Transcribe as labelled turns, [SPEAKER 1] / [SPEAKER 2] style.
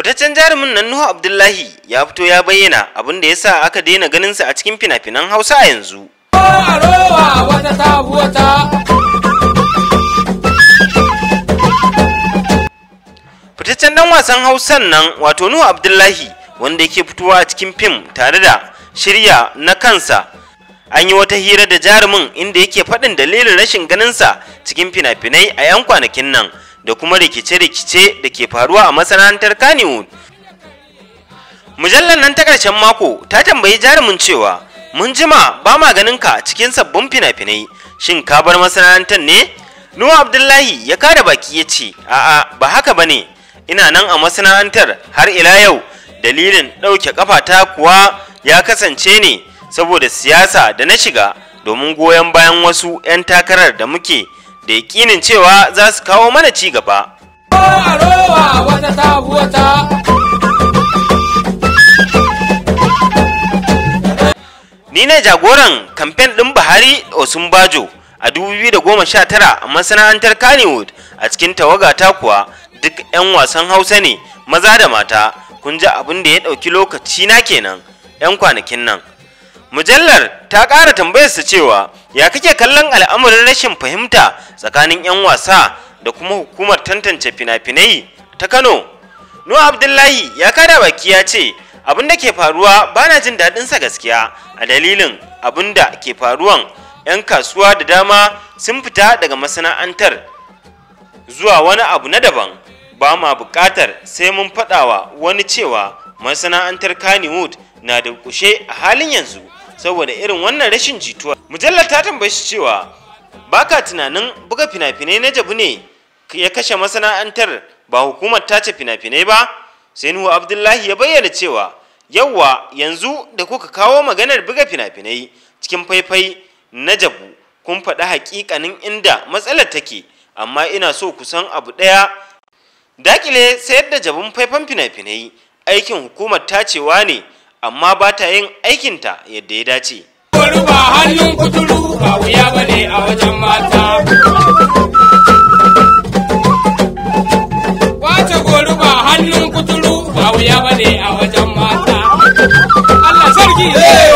[SPEAKER 1] fitaccen jarumin nan Nuhu Abdullahi ya fito ya bayyana abin da yasa aka daina ganin sa a cikin fina-finan Hausa a yanzu. Fitaccen dan wasan Hausan nan wato Nuhu Abdullahi wanda yake fitowa a cikin fim tare da shirya na kansa an yi wata hira da jarumin inda yake faɗin dalilin rashin ganinsa cikin fina-finai a 'yan kwanakin nan da kuma rikice-rikice da ke faruwa a masana'antar Kannywood. Mujallar nan ta ƙarshen mako ta tambayi jarumin cewa mun jima ba ma ganin ka cikin sabbin fina-finai shin ka bar masana'antar ne? nuwa Abdullahi ya kada baki ya ce a'a ba haka ba ne. ina nan a masana'antar har ila yau dalilin ɗauke kafata kuwa ya kasance ne saboda siyasa da na shiga domin goyon bayan wasu 'yan takarar da muke da yakinin cewa za su kawo mana ci gaba. Ni ne jagoran kamfen ɗin Buhari Osun Bajo a 2019 a masana'antar Kannywood a cikin tawaga ta kuwa duk 'yan wasan Hausa ne maza da mata kun ji abin da ya ɗauki lokaci na kenan 'yan kwanakin nan. mujallar ta ƙara tambayar sa cewa ya kake kallon al'amarin rashin fahimta tsakanin 'yan wasa da kuma hukumar tantance fina-finai ta kano nuwa abdullahi ya kada baki ya ce abin da ke faruwa ba na jin daɗin sa gaskiya a dalilin abin da ke faruwan 'yan kasuwa da dama sun fita daga masana'antar zuwa wani abu na daban ba ma buƙatar sai mun faɗawa wani cewa masana'antar kannywood na da kushe a halin yanzu saboda irin wannan rashin jituwa mujallar ta tambayi shi cewa baka tunanin buga fina-finai na jabu ne ya kashe masana'antar ba hukumar tace fina-finai ba sai nuhu abdullahi ya bayyana cewa yawwa yanzu da kuka kawo maganar buga fina-finai cikin faifai na jabu kun faɗi haƙiƙanin inda matsalar take amma ina so kusan abu ɗaya dakile sayar da jabun faifan fina-finai aikin hukumar tacewa ne amma ba ta yin aikinta yadda ya dace wani hannun kuturu ba wuya ba ne a wajen mata wace gori hannun kuturu ba wuya ba ne a wajen mata Allah